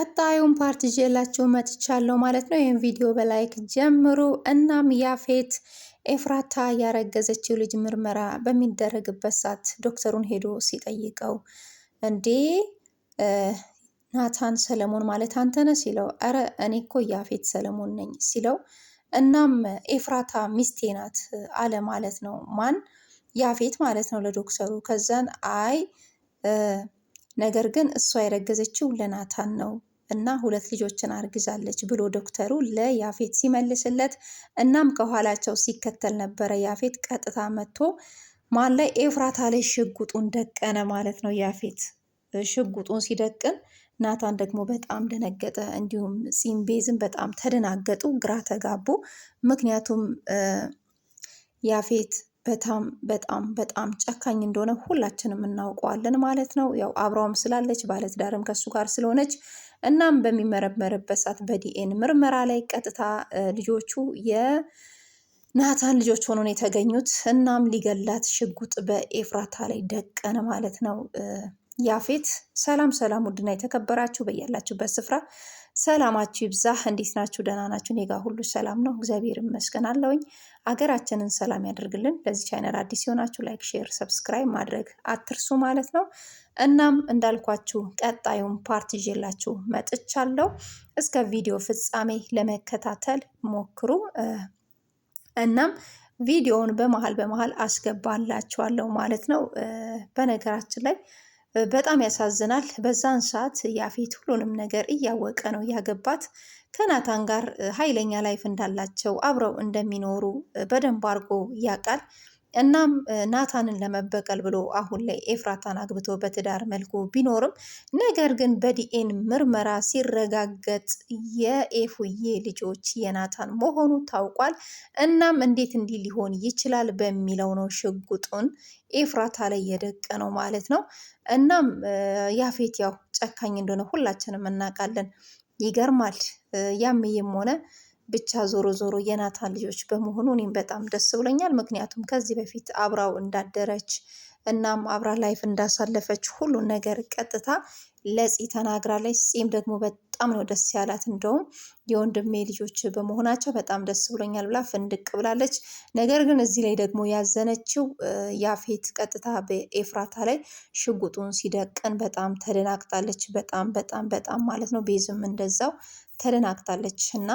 ቀጣዩን ፓርት ይዤላችሁ መጥቻለሁ ማለት ነው። ይህን ቪዲዮ በላይክ ጀምሩ። እናም ያፌት ኤፍራታ ያረገዘችው ልጅ ምርመራ በሚደረግበት ሰዓት ዶክተሩን ሄዶ ሲጠይቀው እንዴ ናታን ሰለሞን ማለት አንተ ነህ ሲለው፣ ኧረ እኔ እኮ ያፌት ሰለሞን ነኝ ሲለው፣ እናም ኤፍራታ ሚስቴ ናት አለ ማለት ነው። ማን ያፌት ማለት ነው ለዶክተሩ። ከዛን አይ ነገር ግን እሷ የረገዘችው ለናታን ነው እና ሁለት ልጆችን አርግዛለች ብሎ ዶክተሩ ለያፌት ሲመልስለት፣ እናም ከኋላቸው ሲከተል ነበረ ያፌት ቀጥታ መጥቶ ማን ላይ ኤፍራታ ላይ ሽጉጡን ደቀነ ማለት ነው። ያፌት ሽጉጡን ሲደቅን ናታን ደግሞ በጣም ደነገጠ። እንዲሁም ጺም በጣም ተደናገጡ፣ ግራ ተጋቡ። ምክንያቱም ያፌት በጣም በጣም በጣም ጨካኝ እንደሆነ ሁላችንም እናውቀዋለን ማለት ነው። ያው አብረውም ስላለች ባለትዳርም ከሱ ጋር ስለሆነች እናም በሚመረመርበት ሰዓት በዲኤን ምርመራ ላይ ቀጥታ ልጆቹ የናታን ልጆች ሆኖ ነው የተገኙት። እናም ሊገላት ሽጉጥ በኤፍራታ ላይ ደቀነ ማለት ነው። ያፌት ሰላም ሰላም፣ ውድና የተከበራችሁ በያላችሁበት ስፍራ ሰላማችሁ ይብዛ። እንዴት ናችሁ? ደህና ናችሁ? እኔ ጋር ሁሉ ሰላም ነው፣ እግዚአብሔር ይመስገን አለውኝ። አገራችንን ሰላም ያደርግልን። ለዚህ ቻይነል አዲስ የሆናችሁ ላይክ፣ ሼር፣ ሰብስክራይብ ማድረግ አትርሱ ማለት ነው። እናም እንዳልኳችሁ ቀጣዩን ፓርት ይዤላችሁ መጥቻለሁ። እስከ ቪዲዮ ፍጻሜ ለመከታተል ሞክሩ። እናም ቪዲዮውን በመሀል በመሀል አስገባላችኋለሁ ማለት ነው። በነገራችን ላይ በጣም ያሳዝናል። በዛን ሰዓት ያፌት ሁሉንም ነገር እያወቀ ነው ያገባት። ከናታን ጋር ኃይለኛ ላይፍ እንዳላቸው አብረው እንደሚኖሩ በደንብ አድርጎ ያውቃል። እናም ናታንን ለመበቀል ብሎ አሁን ላይ ኤፍራታን አግብቶ በትዳር መልኩ ቢኖርም ነገር ግን በዲኤን ምርመራ ሲረጋገጥ የኤፉዬ ልጆች የናታን መሆኑ ታውቋል። እናም እንዴት እንዲህ ሊሆን ይችላል በሚለው ነው ሽጉጡን ኤፍራታ ላይ የደቀ ነው ማለት ነው። እናም ያፌት ያው ጨካኝ እንደሆነ ሁላችንም እናውቃለን። ይገርማል። ያምዬም ሆነ ብቻ ዞሮ ዞሮ የናታን ልጆች በመሆኑ እኔም በጣም ደስ ብሎኛል። ምክንያቱም ከዚህ በፊት አብራው እንዳደረች እናም አብራ ላይፍ እንዳሳለፈች ሁሉን ነገር ቀጥታ ለፂ ተናግራለች። ፂም ደግሞ በጣም ነው ደስ ያላት። እንደውም የወንድሜ ልጆች በመሆናቸው በጣም ደስ ብሎኛል ብላ ፍንድቅ ብላለች። ነገር ግን እዚህ ላይ ደግሞ ያዘነችው ያፌት ቀጥታ በኤፍራታ ላይ ሽጉጡን ሲደቅን በጣም ተደናግጣለች። በጣም በጣም በጣም ማለት ነው። ቤዝም እንደዛው ተደናግጣለች እና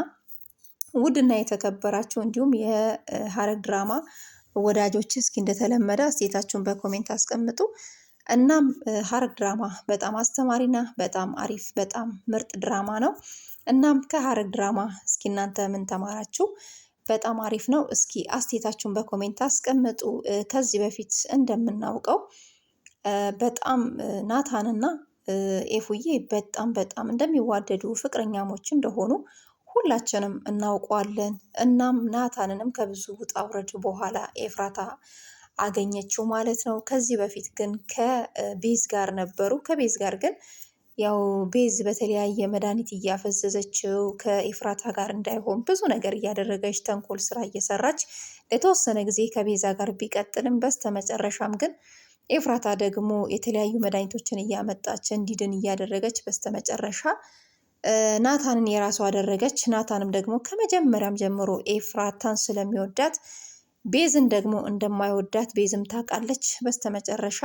ውድና የተከበራችሁ እንዲሁም የሀረግ ድራማ ወዳጆች እስኪ እንደተለመደ አስተያየታችሁን በኮሜንት አስቀምጡ። እናም ሀረግ ድራማ በጣም አስተማሪና በጣም አሪፍ በጣም ምርጥ ድራማ ነው። እናም ከሀረግ ድራማ እስኪ እናንተ ምን ተማራችሁ? በጣም አሪፍ ነው። እስኪ አስተያየታችሁን በኮሜንት አስቀምጡ። ከዚህ በፊት እንደምናውቀው በጣም ናታንና ኤፉዬ በጣም በጣም እንደሚዋደዱ ፍቅረኛሞች እንደሆኑ ሁላችንም እናውቀዋለን። እናም ናታንንም ከብዙ ውጣ ውረድ በኋላ ኤፍራታ አገኘችው ማለት ነው። ከዚህ በፊት ግን ከቤዝ ጋር ነበሩ። ከቤዝ ጋር ግን ያው ቤዝ በተለያየ መድኃኒት እያፈዘዘችው ከኤፍራታ ጋር እንዳይሆን ብዙ ነገር እያደረገች ተንኮል ስራ እየሰራች ለተወሰነ ጊዜ ከቤዛ ጋር ቢቀጥልም በስተመጨረሻም ግን ኤፍራታ ደግሞ የተለያዩ መድኃኒቶችን እያመጣች እንዲድን እያደረገች በስተመጨረሻ ናታንን የራሱ አደረገች። ናታንም ደግሞ ከመጀመሪያም ጀምሮ ኤፍራታን ስለሚወዳት ቤዝን ደግሞ እንደማይወዳት ቤዝም ታውቃለች። በስተመጨረሻ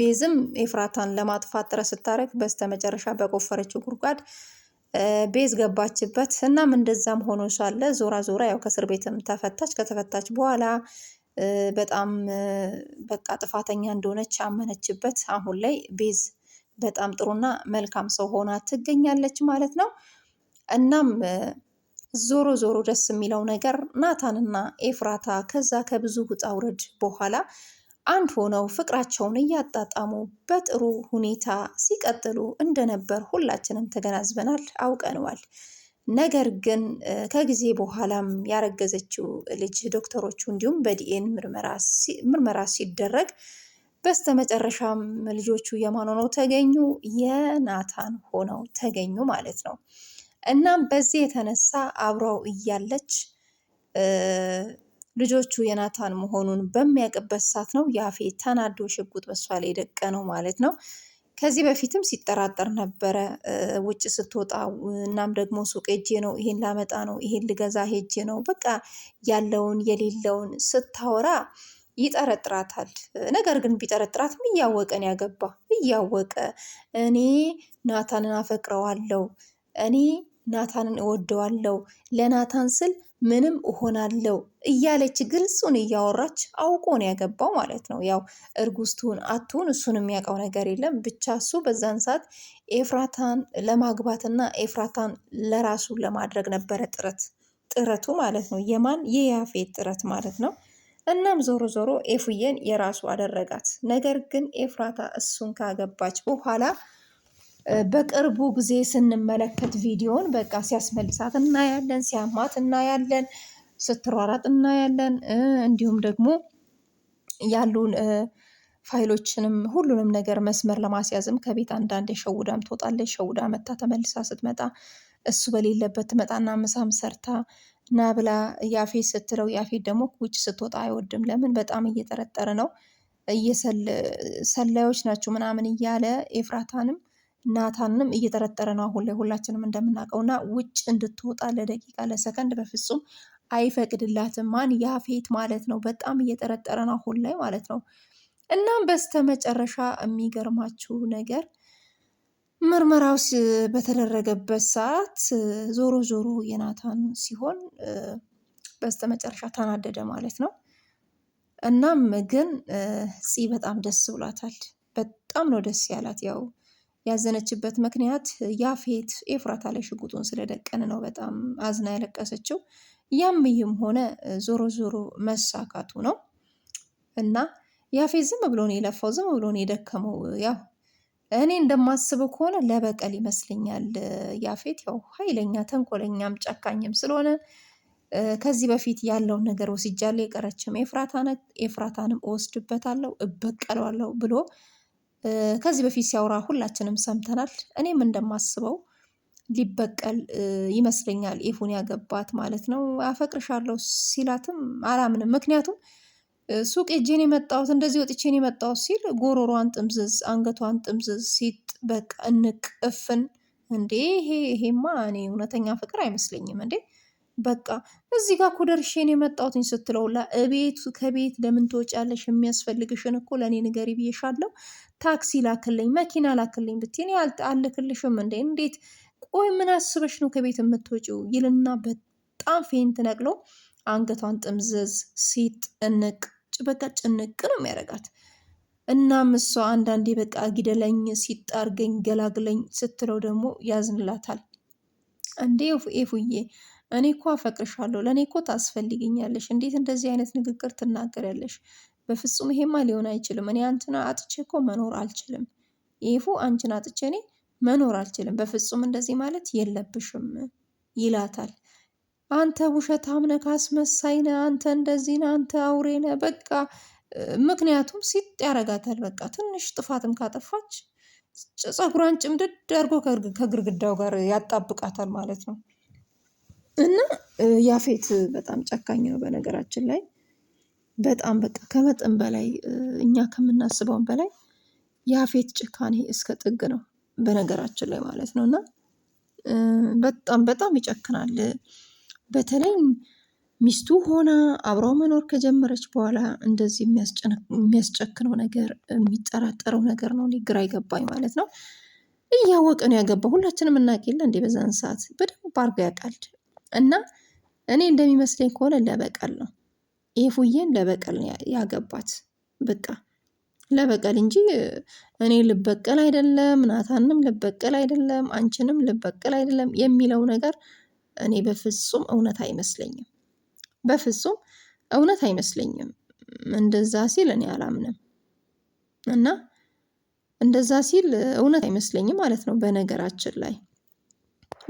ቤዝም ኤፍራታን ለማጥፋት ጥረት ስታደርግ በስተመጨረሻ በቆፈረችው ጉድጓድ ቤዝ ገባችበት። እናም እንደዛም ሆኖ ሳለ ዞራ ዞራ ያው ከእስር ቤትም ተፈታች። ከተፈታች በኋላ በጣም በቃ ጥፋተኛ እንደሆነች አመነችበት። አሁን ላይ ቤዝ በጣም ጥሩና መልካም ሰው ሆና ትገኛለች ማለት ነው። እናም ዞሮ ዞሮ ደስ የሚለው ነገር ናታንና ኤፍራታ ከዛ ከብዙ ውጣ ውረድ በኋላ አንድ ሆነው ፍቅራቸውን እያጣጣሙ በጥሩ ሁኔታ ሲቀጥሉ እንደነበር ሁላችንም ተገናዝበናል፣ አውቀነዋል። ነገር ግን ከጊዜ በኋላም ያረገዘችው ልጅ ዶክተሮቹ እንዲሁም በዲኤን ምርመራ ሲደረግ በስተመጨረሻም ልጆቹ የማን ሆነው ተገኙ? የናታን ሆነው ተገኙ ማለት ነው። እናም በዚህ የተነሳ አብረው እያለች ልጆቹ የናታን መሆኑን በሚያውቅበት ሰዓት ነው ያፌ ተናዶ ሽጉጥ በሷ ላይ ደቀ ነው ማለት ነው። ከዚህ በፊትም ሲጠራጠር ነበረ ውጭ ስትወጣ። እናም ደግሞ ሱቅ ሄጄ ነው ይሄን ላመጣ ነው ይሄን ልገዛ ሄጄ ነው በቃ ያለውን የሌለውን ስታወራ ይጠረጥራታል። ነገር ግን ቢጠረጥራትም እያወቀ ነው ያገባ እያወቀ እኔ ናታንን አፈቅረዋለው፣ እኔ ናታንን እወደዋለው፣ ለናታን ስል ምንም እሆናለው እያለች ግልጹን እያወራች አውቆ ነው ያገባው ማለት ነው። ያው እርጉዝ ትሁን አትሁን እሱን የሚያውቀው ነገር የለም። ብቻ እሱ በዛን ሰዓት ኤፍራታን ለማግባትና ኤፍራታን ለራሱ ለማድረግ ነበረ ጥረት ጥረቱ ማለት ነው። የማን የያፌት ጥረት ማለት ነው። እናም ዞሮ ዞሮ ኤፉዬን የራሱ አደረጋት። ነገር ግን ኤፍራታ እሱን ካገባች በኋላ በቅርቡ ጊዜ ስንመለከት ቪዲዮን በቃ ሲያስመልሳት እናያለን፣ ሲያማት እናያለን፣ ስትሯራጥ እናያለን። እንዲሁም ደግሞ ያሉን ፋይሎችንም ሁሉንም ነገር መስመር ለማስያዝም ከቤት አንዳንዴ ሸውዳም ትወጣለች። ሸውዳ መታ ተመልሳ ስትመጣ እሱ በሌለበት ትመጣና ምሳም ሰርታ ና ብላ ያፌት ስትለው ያፌት ደግሞ ውጭ ስትወጣ አይወድም። ለምን በጣም እየጠረጠረ ነው ሰላዮች ናቸው ምናምን እያለ ኤፍራታንም ናታንም እየጠረጠረ ነው አሁን ላይ ሁላችንም እንደምናውቀው እና ውጭ እንድትወጣ ለደቂቃ ለሰከንድ በፍጹም አይፈቅድላትም። ማን ያፌት ማለት ነው። በጣም እየጠረጠረ ነው አሁን ላይ ማለት ነው። እናም በስተመጨረሻ የሚገርማችሁ ነገር ምርመራውስ በተደረገበት ሰዓት ዞሮ ዞሮ የናታን ሲሆን በስተመጨረሻ ተናደደ ማለት ነው። እናም ግን ፂ በጣም ደስ ብሏታል። በጣም ነው ደስ ያላት። ያው ያዘነችበት ምክንያት ያፌት ኤፍራታ ላይ ሽጉጡን ስለደቀን ነው በጣም አዝና ያለቀሰችው። ያምይም ሆነ ዞሮ ዞሮ መሳካቱ ነው እና ያፌት ዝም ብሎን የለፋው፣ ዝም ብሎ የደከመው ያው እኔ እንደማስበው ከሆነ ለበቀል ይመስለኛል። ያፌት ያው ኃይለኛ ተንኮለኛም ጨካኝም ስለሆነ ከዚህ በፊት ያለውን ነገር ወስጃለ የቀረችም ኤፍራታንም እወስድበታለሁ፣ እበቀለዋለሁ ብሎ ከዚህ በፊት ሲያወራ ሁላችንም ሰምተናል። እኔም እንደማስበው ሊበቀል ይመስለኛል ኤፉን ያገባት ማለት ነው። አፈቅርሻለሁ ሲላትም አላምንም፣ ምክንያቱም ሱቅ እጄን የመጣሁት እንደዚህ ወጥቼን የመጣሁት ሲል ጎሮሯን ጥምዝዝ፣ አንገቷን ጥምዝዝ ሲጥ በቃ እንቅ እፍን። እንዴ ይሄ ይሄማ እኔ እውነተኛ ፍቅር አይመስለኝም። እንዴ በቃ እዚህ ጋር እኮ ደርሼን የመጣሁትኝ ስትለውላ እቤት ከቤት ለምን ትወጫለሽ? የሚያስፈልግሽን እኮ ለእኔ ንገሪ ብዬሻለሁ። ታክሲ ላክልኝ፣ መኪና ላክልኝ ብትኔ አልክልሽም። እንዴ እንዴት ቆይ ምን አስበሽ ነው ከቤት የምትወጪው? ይልና በጣም ፌንት ነቅሎ አንገቷን ጥምዝዝ ሲጥ እንቅ በቃ ጭንቅ ነው የሚያደርጋት። እናም እሷ አንዳንዴ በቃ ግደለኝ፣ ሲጣርገኝ፣ ገላግለኝ ስትለው ደግሞ ያዝንላታል። እንዴ ኤፉዬ እኔ እኮ አፈቅርሻለሁ፣ ለእኔ እኮ ታስፈልግኛለሽ፣ እንዴት እንደዚህ አይነት ንግግር ትናገሪያለሽ? በፍጹም ይሄማ ሊሆን አይችልም። እኔ አንቺን አጥቼ እኮ መኖር አልችልም። ኤፉ አንቺን አጥቼ እኔ መኖር አልችልም። በፍጹም እንደዚህ ማለት የለብሽም ይላታል። አንተ ውሸታም ነህ፣ አስመሳይ ነህ፣ አንተ እንደዚህ ነህ፣ አንተ አውሬ ነህ። በቃ ምክንያቱም ሲጥ ያረጋታል። በቃ ትንሽ ጥፋትም ካጠፋች ፀጉሯን ጭምድድ አድርጎ ከግርግዳው ጋር ያጣብቃታል ማለት ነው። እና ያፌት በጣም ጨካኝ ነው በነገራችን ላይ በጣም በቃ ከመጠን በላይ እኛ ከምናስበውን በላይ ያፌት ጭካኔ እስከ ጥግ ነው በነገራችን ላይ ማለት ነው። እና በጣም በጣም ይጨክናል። በተለይ ሚስቱ ሆና አብረው መኖር ከጀመረች በኋላ እንደዚህ የሚያስጨክነው ነገር የሚጠራጠረው ነገር ነው። ግራ ይገባኝ ማለት ነው። እያወቀ ነው ያገባ። ሁላችንም እናቅ የለ እንዴ? በዛን ሰዓት በደንብ አድርጎ ያውቃል። እና እኔ እንደሚመስለኝ ከሆነ ለበቀል ነው ኤፉዬን ለበቀል ያገባት። በቃ ለበቀል እንጂ እኔ ልበቀል አይደለም፣ ናታንም ልበቀል አይደለም፣ አንቺንም ልበቀል አይደለም የሚለው ነገር እኔ በፍጹም እውነት አይመስለኝም። በፍጹም እውነት አይመስለኝም። እንደዛ ሲል እኔ አላምንም እና እንደዛ ሲል እውነት አይመስለኝም ማለት ነው። በነገራችን ላይ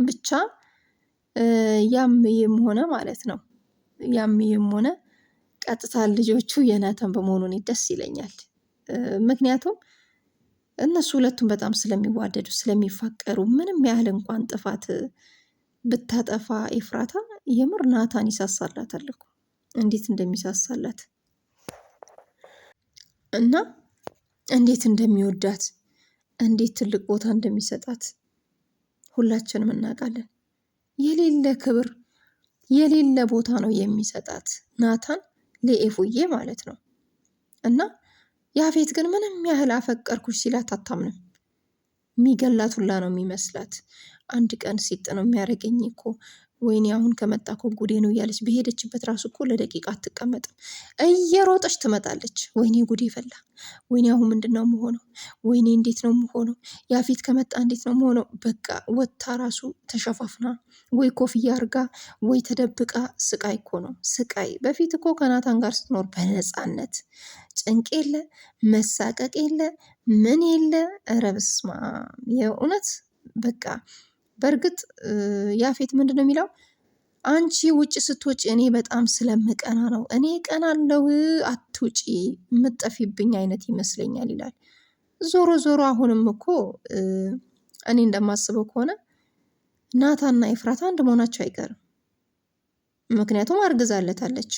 ብቻ ያም ይህም ሆነ ማለት ነው። ያም ይህም ሆነ ቀጥታ ልጆቹ የናተን በመሆኑ ደስ ይለኛል። ምክንያቱም እነሱ ሁለቱም በጣም ስለሚዋደዱ ስለሚፋቀሩ ምንም ያህል እንኳን ጥፋት ብታጠፋ ኤፍራታ የምር ናታን ይሳሳላት አለኩ እንዴት እንደሚሳሳላት እና እንዴት እንደሚወዳት እንዴት ትልቅ ቦታ እንደሚሰጣት ሁላችንም እናውቃለን። የሌለ ክብር የሌለ ቦታ ነው የሚሰጣት ናታን ለኤፉዬ ማለት ነው። እና ያፌት ግን ምንም ያህል አፈቀርኩሽ ሲላት አታምንም። ሚገላት ሁላ ነው የሚመስላት። አንድ ቀን ሲጥ ነው የሚያደርገኝ እኮ ወይኔ አሁን ከመጣ እኮ ጉዴ ነው እያለች በሄደችበት ራሱ እኮ ለደቂቃ አትቀመጥም። እየሮጠች ትመጣለች። ወይኔ ጉዴ ፈላ፣ ወይኔ አሁን ምንድን ነው መሆነው? ወይኔ እንዴት ነው መሆነው? ያፌት ከመጣ እንዴት ነው መሆነው? በቃ ወታ ራሱ ተሸፋፍና ወይ ኮፍያ አርጋ ወይ ተደብቃ ስቃይ እኮ ነው ስቃይ። በፊት እኮ ከናታን ጋር ስትኖር በነፃነት ጭንቅ የለ መሳቀቅ የለ ምን የለ ረብስማ የእውነት በቃ በእርግጥ ያፌት ምንድን ነው የሚለው አንቺ ውጭ ስትወጪ እኔ በጣም ስለምቀና ነው። እኔ ቀናለው አትውጪ የምጠፊብኝ አይነት ይመስለኛል ይላል። ዞሮ ዞሮ አሁንም እኮ እኔ እንደማስበው ከሆነ ናታና ኤፍራታ አንድ መሆናቸው አይቀርም። ምክንያቱም አርግዛለታለች፣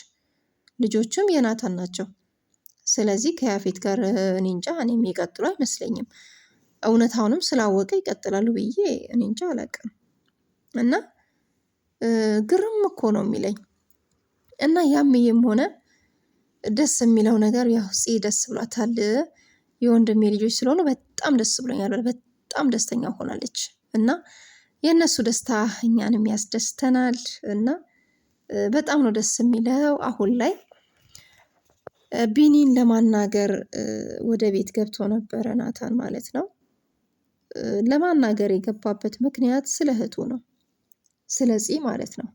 ልጆችም የናታን ናቸው። ስለዚህ ከያፌት ጋር እኔ እንጃ እኔም አይመስለኝም። እውነታውንም ስላወቀ ይቀጥላሉ ብዬ እኔ እንጃ አላውቅም። እና ግርም እኮ ነው የሚለኝ። እና ያምዬም ሆነ ደስ የሚለው ነገር ያው ፂ ደስ ብሏታል። የወንድሜ ልጆች ስለሆኑ በጣም ደስ ብሎኛል። በጣም ደስተኛ ሆናለች እና የእነሱ ደስታ እኛንም ያስደስተናል እና በጣም ነው ደስ የሚለው። አሁን ላይ ቢኒን ለማናገር ወደ ቤት ገብቶ ነበረ ናታን ማለት ነው። ለማናገር የገባበት ምክንያት ስለ እህቱ ነው፣ ስለ ፂ ማለት ነው።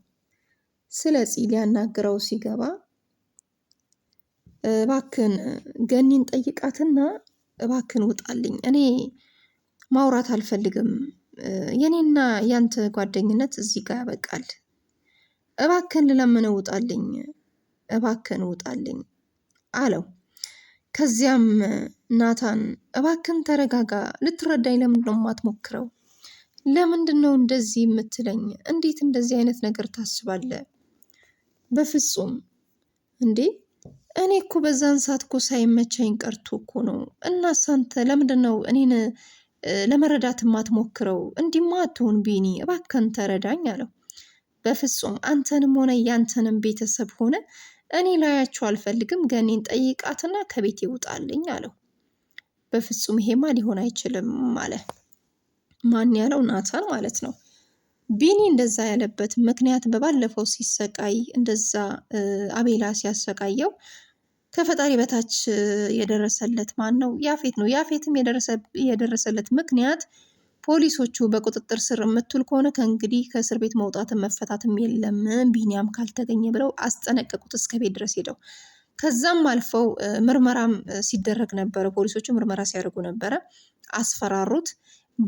ስለ ፂ ሊያናግረው ሲገባ እባክን ገኒን ጠይቃትና እባክን ውጣልኝ፣ እኔ ማውራት አልፈልግም፣ የኔና ያንተ ጓደኝነት እዚህ ጋር ያበቃል፣ እባክን ልለምን፣ ውጣልኝ፣ እባክን ውጣልኝ አለው። ከዚያም ናታን እባክን ተረጋጋ፣ ልትረዳኝ ለምንድን ነው የማትሞክረው? ለምንድን ነው እንደዚህ የምትለኝ? እንዴት እንደዚህ አይነት ነገር ታስባለ? በፍጹም እንዴ! እኔ እኮ በዛን ሰዓት እኮ ሳይመቸኝ ቀርቶ እኮ ነው። እናስ አንተ ለምንድን ነው እኔን ለመረዳት የማትሞክረው? እንዲማ አትሆን ቢኒ፣ እባከን ተረዳኝ አለው። በፍጹም አንተንም ሆነ ያንተንም ቤተሰብ ሆነ እኔ ላያቸው አልፈልግም፣ ገኔን ጠይቃትና ከቤት ይውጣልኝ አለው። በፍጹም ይሄማ ሊሆን አይችልም አለ። ማን ያለው? ናታን ማለት ነው። ቢኒ እንደዛ ያለበት ምክንያት በባለፈው ሲሰቃይ እንደዛ አቤላ ሲያሰቃየው ከፈጣሪ በታች የደረሰለት ማን ነው? ያፌት ነው። ያፌትም የደረሰለት ምክንያት ፖሊሶቹ በቁጥጥር ስር የምትውል ከሆነ ከእንግዲህ ከእስር ቤት መውጣት መፈታትም የለም ቢኒያም ካልተገኘ ብለው አስጠነቀቁት። እስከ ቤት ድረስ ሄደው ከዛም አልፈው ምርመራም ሲደረግ ነበረ። ፖሊሶቹ ምርመራ ሲያደርጉ ነበረ። አስፈራሩት።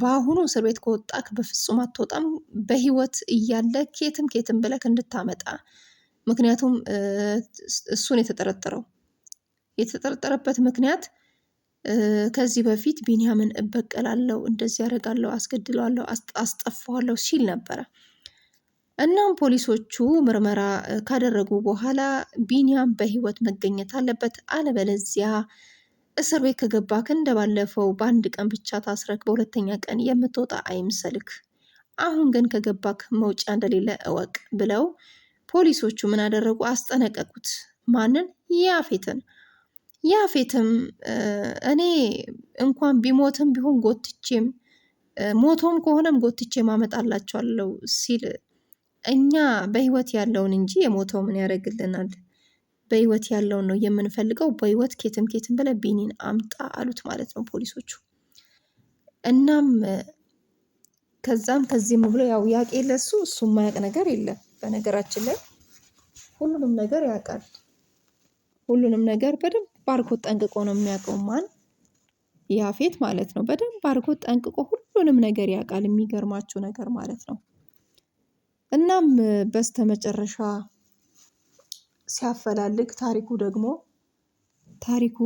በአሁኑ እስር ቤት ከወጣክ በፍጹም አትወጣም፣ በህይወት እያለ ኬትም ኬትም ብለክ እንድታመጣ ምክንያቱም እሱን የተጠረጠረው የተጠረጠረበት ምክንያት ከዚህ በፊት ቢንያምን እበቀላለሁ፣ እንደዚህ ያደርጋለሁ፣ አስገድለዋለሁ፣ አስጠፋዋለሁ ሲል ነበረ። እናም ፖሊሶቹ ምርመራ ካደረጉ በኋላ ቢንያም በህይወት መገኘት አለበት፣ አለበለዚያ እስር ቤት ከገባክ እንደባለፈው በአንድ ቀን ብቻ ታስረክ በሁለተኛ ቀን የምትወጣ አይምሰልክ። አሁን ግን ከገባክ መውጫ እንደሌለ እወቅ ብለው ፖሊሶቹ ምን አደረጉ? አስጠነቀቁት። ማንን? ያፌትን። ያፌትም እኔ እንኳን ቢሞትም ቢሆን ጎትቼም ሞቶም ከሆነም ጎትቼም አመጣላቸዋለሁ ሲል እኛ በህይወት ያለውን እንጂ የሞተው ምን ያደርግልናል? በህይወት ያለውን ነው የምንፈልገው። በህይወት ኬትም ኬትም ብለህ ቢኒን አምጣ አሉት ማለት ነው ፖሊሶቹ። እናም ከዛም ከዚህም ብሎ ያው ያቄ ለሱ እሱ የማያውቅ ነገር የለም። በነገራችን ላይ ሁሉንም ነገር ያውቃል። ሁሉንም ነገር በደንብ ባርኮት ጠንቅቆ ነው የሚያውቀው ማን ያፌት ማለት ነው። በደንብ ባርኮት ጠንቅቆ ሁሉንም ነገር ያውቃል። የሚገርማችሁ ነገር ማለት ነው። እናም በስተመጨረሻ ሲያፈላልግ ታሪኩ ደግሞ ታሪኩ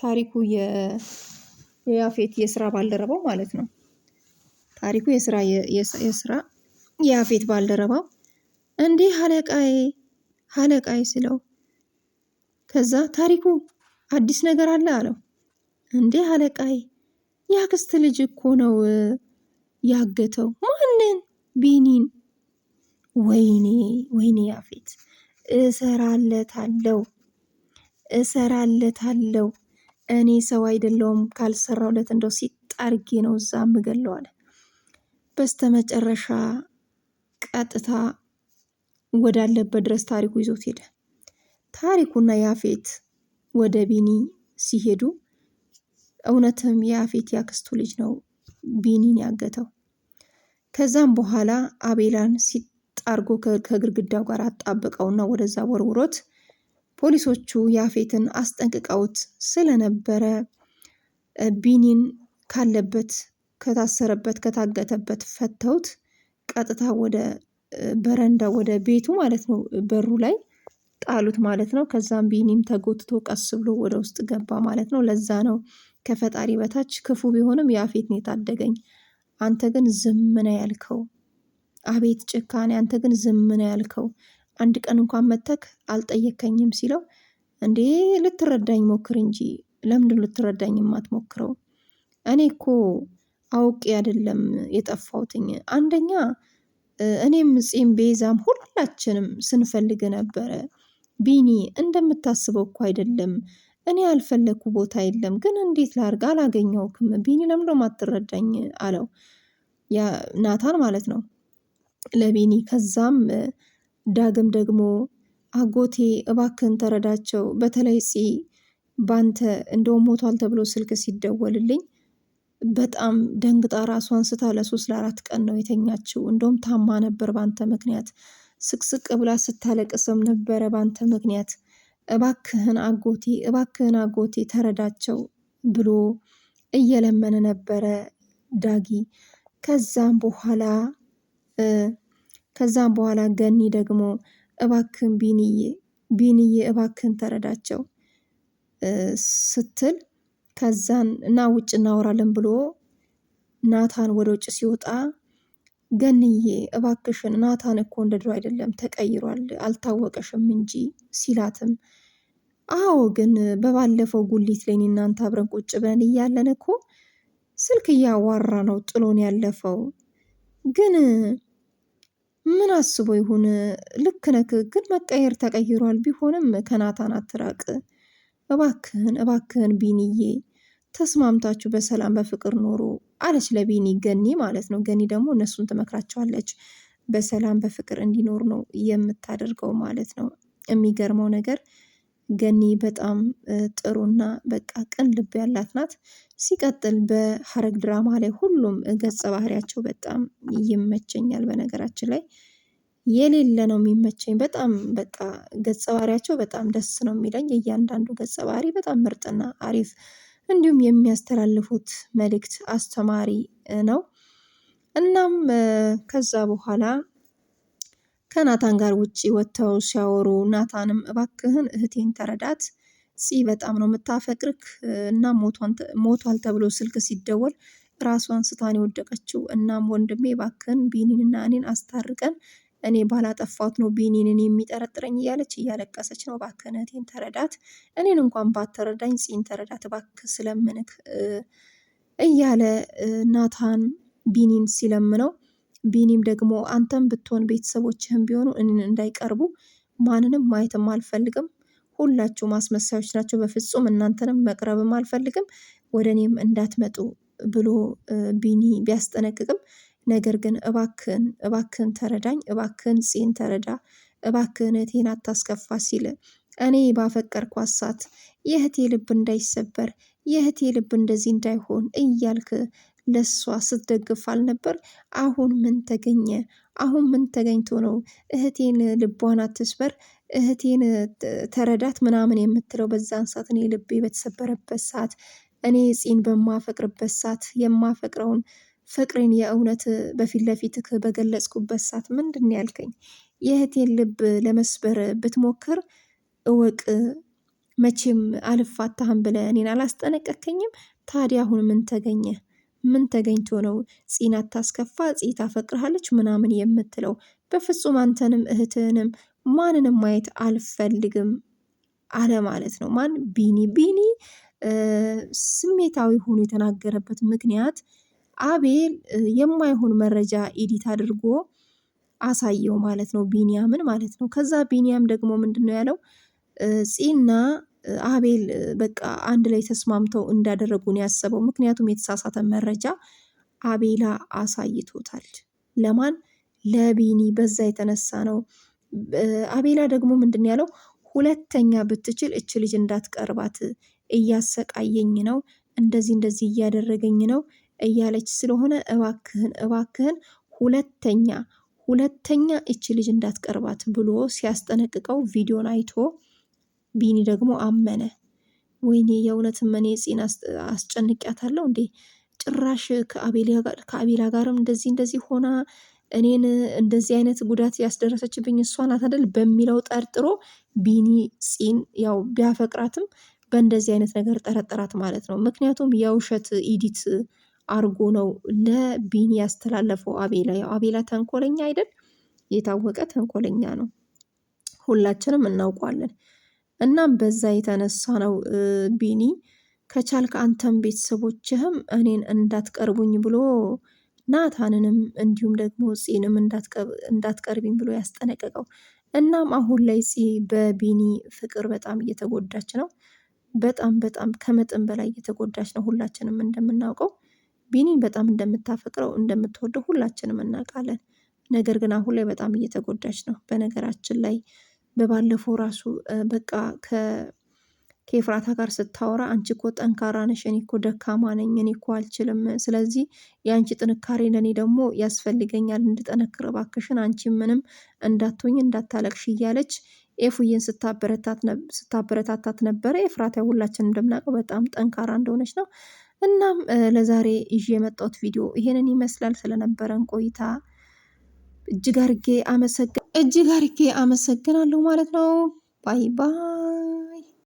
ታሪኩ የያፌት የስራ ባልደረባው ማለት ነው። ታሪኩ የስራ የስራ የያፌት ባልደረባው እንዲህ አለቃዬ አለቃዬ ስለው ከዛ ታሪኩ አዲስ ነገር አለ አለው። እንዴ አለቃይ፣ የአክስት ልጅ እኮ ነው ያገተው። ማንን? ቢኒን። ወይኔ ወይኔ፣ ያፌት እሰራለታለው፣ እሰራለታለው። እኔ ሰው አይደለውም ካልሰራውለት እንደው ሲጣርጌ ነው እዛ ምገለው አለ። በስተመጨረሻ ቀጥታ ወዳለበት ድረስ ታሪኩ ይዞት ሄደ። ታሪኩና ያፌት ወደ ቢኒ ሲሄዱ እውነትም የአፌት ያክስቱ ልጅ ነው ቢኒን ያገተው። ከዛም በኋላ አቤላን ሲጣርጎ ከግድግዳው ጋር አጣብቀውና ወደዛ ወርውሮት ፖሊሶቹ ያፌትን አስጠንቅቀውት ስለነበረ ቢኒን ካለበት ከታሰረበት ከታገተበት ፈተውት ቀጥታ ወደ በረንዳ ወደ ቤቱ ማለት ነው በሩ ላይ ጣሉት ማለት ነው። ከዛም ቢኒም ተጎትቶ ቀስ ብሎ ወደ ውስጥ ገባ ማለት ነው። ለዛ ነው ከፈጣሪ በታች ክፉ ቢሆንም ያፌት ነው የታደገኝ፣ አንተ ግን ዝም ነው ያልከው። አቤት ጭካኔ! አንተ ግን ዝም ነው ያልከው። አንድ ቀን እንኳን መተክ አልጠየከኝም ሲለው እንዴ ልትረዳኝ ሞክር እንጂ ለምንድን ልትረዳኝ የማትሞክረው? እኔ እኮ አውቄ አይደለም የጠፋውትኝ። አንደኛ እኔም ፂም ቤዛም ሁላችንም ስንፈልግ ነበረ ቢኒ እንደምታስበው እኮ አይደለም። እኔ ያልፈለግኩ ቦታ የለም፣ ግን እንዴት ላርግ አላገኘውክም። ቢኒ ለምዶ ማትረዳኝ አለው ናታን ማለት ነው ለቢኒ። ከዛም ዳግም ደግሞ አጎቴ እባክን ተረዳቸው፣ በተለይ ፂ ባንተ እንደውም ሞቷል ተብሎ ስልክ ሲደወልልኝ በጣም ደንግጣ ራሷን ስታ ለሶስት ለአራት ቀን ነው የተኛችው። እንደውም ታማ ነበር ባንተ ምክንያት ስቅስቅ ብላ ስታለቅስም ነበረ ባንተ ምክንያት እባክህን አጎቴ እባክህን አጎቴ ተረዳቸው ብሎ እየለመነ ነበረ ዳጊ። ከዛም በኋላ ከዛም በኋላ ገኒ ደግሞ እባክን ቢንዬ ቢንዬ እባክህን ተረዳቸው ስትል ከዛን እና ውጭ እናወራለን ብሎ ናታን ወደ ውጭ ሲወጣ ገንዬ እባክሽን ናታን እኮ እንደ ድሮ አይደለም ተቀይሯል፣ አልታወቀሽም እንጂ ሲላትም አዎ ግን በባለፈው ጉሊት ላይ እናንተ አብረን ቁጭ ብለን እያለን እኮ ስልክ እያዋራ ነው ጥሎን ያለፈው። ግን ምን አስቦ ይሁን ልክ ነክ ግን መቀየር ተቀይሯል። ቢሆንም ከናታን አትራቅ እባክህን እባክህን ቢንዬ ተስማምታችሁ በሰላም በፍቅር ኖሩ አለች ለቢኒ ገኒ ማለት ነው። ገኒ ደግሞ እነሱን ትመክራቸዋለች። በሰላም በፍቅር እንዲኖር ነው የምታደርገው ማለት ነው። የሚገርመው ነገር ገኒ በጣም ጥሩና በቃ ቅን ልብ ያላት ናት። ሲቀጥል በሐረግ ድራማ ላይ ሁሉም ገጸ ባህሪያቸው በጣም ይመቸኛል። በነገራችን ላይ የሌለ ነው የሚመቸኝ። በጣም በቃ ገጸ ባህሪያቸው በጣም ደስ ነው የሚለኝ። የእያንዳንዱ ገጸ ባህሪ በጣም ምርጥና አሪፍ እንዲሁም የሚያስተላልፉት መልእክት አስተማሪ ነው። እናም ከዛ በኋላ ከናታን ጋር ውጪ ወጥተው ሲያወሩ ናታንም እባክህን እህቴን ተረዳት ፂ በጣም ነው የምታፈቅርክ እና ሞቷል ተብሎ ስልክ ሲደወል ራሷን ስታን የወደቀችው እናም ወንድሜ እባክህን ቢኒንና እኔን አስታርቀን እኔ ባላጠፋት ነው ቢኒንን የሚጠረጥረኝ እያለች እያለቀሰች ነው። እባክህ እህቴን ተረዳት፣ እኔን እንኳን ባትረዳኝ ጽን ተረዳት እባክህ ስለምንክ እያለ ናታን ቢኒን ሲለምነው ቢኒም ደግሞ አንተም ብትሆን ቤተሰቦችህም ቢሆኑ እኔን እንዳይቀርቡ ማንንም ማየትም አልፈልግም። ሁላችሁ ማስመሳዮች ናቸው። በፍጹም እናንተንም መቅረብም አልፈልግም። ወደ እኔም እንዳትመጡ ብሎ ቢኒ ቢያስጠነቅቅም ነገር ግን እባክህን እባክህን ተረዳኝ፣ እባክህን ፂን ተረዳ፣ እባክህን እህቴን አታስከፋ ሲል እኔ ባፈቀርኳት ሰዓት የእህቴ ልብ እንዳይሰበር የእህቴ ልብ እንደዚህ እንዳይሆን እያልክ ለሷ ስትደግፍ አልነበር? አሁን ምን ተገኘ? አሁን ምን ተገኝቶ ነው እህቴን ልቧን አትስበር፣ እህቴን ተረዳት ምናምን የምትለው? በዛን ሰዓት እኔ ልቤ በተሰበረበት ሰዓት፣ እኔ ፂን በማፈቅርበት ሰዓት የማፈቅረውን ፍቅሬን የእውነት በፊት ለፊትህ በገለጽኩበት ሰዓት ምንድን ያልከኝ? የእህቴን ልብ ለመስበር ብትሞክር እወቅ መቼም አልፋታህም ብለህ እኔን አላስጠነቀከኝም። ታዲያ አሁን ምን ተገኘ? ምን ተገኝቶ ነው ፂን አታስከፋ ፂ ታፈቅርሃለች ምናምን የምትለው? በፍጹም አንተንም እህትህንም ማንንም ማየት አልፈልግም አለ ማለት ነው። ማን ቢኒ ቢኒ ስሜታዊ ሆኖ የተናገረበት ምክንያት አቤል የማይሆን መረጃ ኤዲት አድርጎ አሳየው ማለት ነው፣ ቢኒያምን ማለት ነው። ከዛ ቢኒያም ደግሞ ምንድን ነው ያለው ፂና አቤል በቃ አንድ ላይ ተስማምተው እንዳደረጉን ያሰበው። ምክንያቱም የተሳሳተ መረጃ አቤላ አሳይቶታል። ለማን ለቢኒ። በዛ የተነሳ ነው አቤላ ደግሞ ምንድን ነው ያለው ሁለተኛ ብትችል እች ልጅ እንዳትቀርባት፣ እያሰቃየኝ ነው፣ እንደዚህ እንደዚህ እያደረገኝ ነው እያለች ስለሆነ እባክህን እባክህን ሁለተኛ ሁለተኛ እች ልጅ እንዳትቀርባት ብሎ ሲያስጠነቅቀው ቪዲዮን አይቶ ቢኒ ደግሞ አመነ። ወይኔ የእውነትም እኔ ጽን አስጨንቅያታለሁ እንዴ ጭራሽ ከአቤላ ጋርም እንደዚህ እንደዚህ ሆና እኔን እንደዚህ አይነት ጉዳት ያስደረሰችብኝ እሷ ናት አይደል በሚለው ጠርጥሮ ቢኒ ጺን ያው ቢያፈቅራትም በእንደዚህ አይነት ነገር ጠረጠራት ማለት ነው። ምክንያቱም የውሸት ኢዲት አርጎ ነው ለቢኒ ያስተላለፈው። አቤላ ያው አቤላ ተንኮለኛ አይደል? የታወቀ ተንኮለኛ ነው፣ ሁላችንም እናውቋለን። እናም በዛ የተነሳ ነው ቢኒ ከቻልክ አንተም ቤተሰቦችህም እኔን እንዳትቀርቡኝ ብሎ ናታንንም እንዲሁም ደግሞ ፂንም እንዳትቀርቢኝ ብሎ ያስጠነቀቀው። እናም አሁን ላይ ፂ በቢኒ ፍቅር በጣም እየተጎዳች ነው። በጣም በጣም ከመጠን በላይ እየተጎዳች ነው፣ ሁላችንም እንደምናውቀው ቢኒን በጣም እንደምታፈቅረው እንደምትወደው ሁላችንም እናውቃለን። ነገር ግን አሁን ላይ በጣም እየተጎዳች ነው። በነገራችን ላይ በባለፈው ራሱ በቃ ከኤፍራታ ጋር ስታወራ አንቺ እኮ ጠንካራ ነሽ፣ እኔ እኮ ደካማ ነኝ፣ እኔ እኮ አልችልም። ስለዚህ የአንቺ ጥንካሬ ለእኔ ደግሞ ያስፈልገኛል፣ እንድጠነክር እባክሽን፣ አንቺ ምንም እንዳትሆኝ እንዳታለቅሽ እያለች ኤፉዬን ስታበረታታት ነበረ። ኤፍራታ ሁላችን እንደምናውቀው በጣም ጠንካራ እንደሆነች ነው። እናም ለዛሬ ይዤ የመጣሁት ቪዲዮ ይሄንን ይመስላል። ስለነበረን ቆይታ እጅግ አርጌ አመሰግ እጅግ አርጌ አመሰግናለሁ ማለት ነው። ባይ ባይ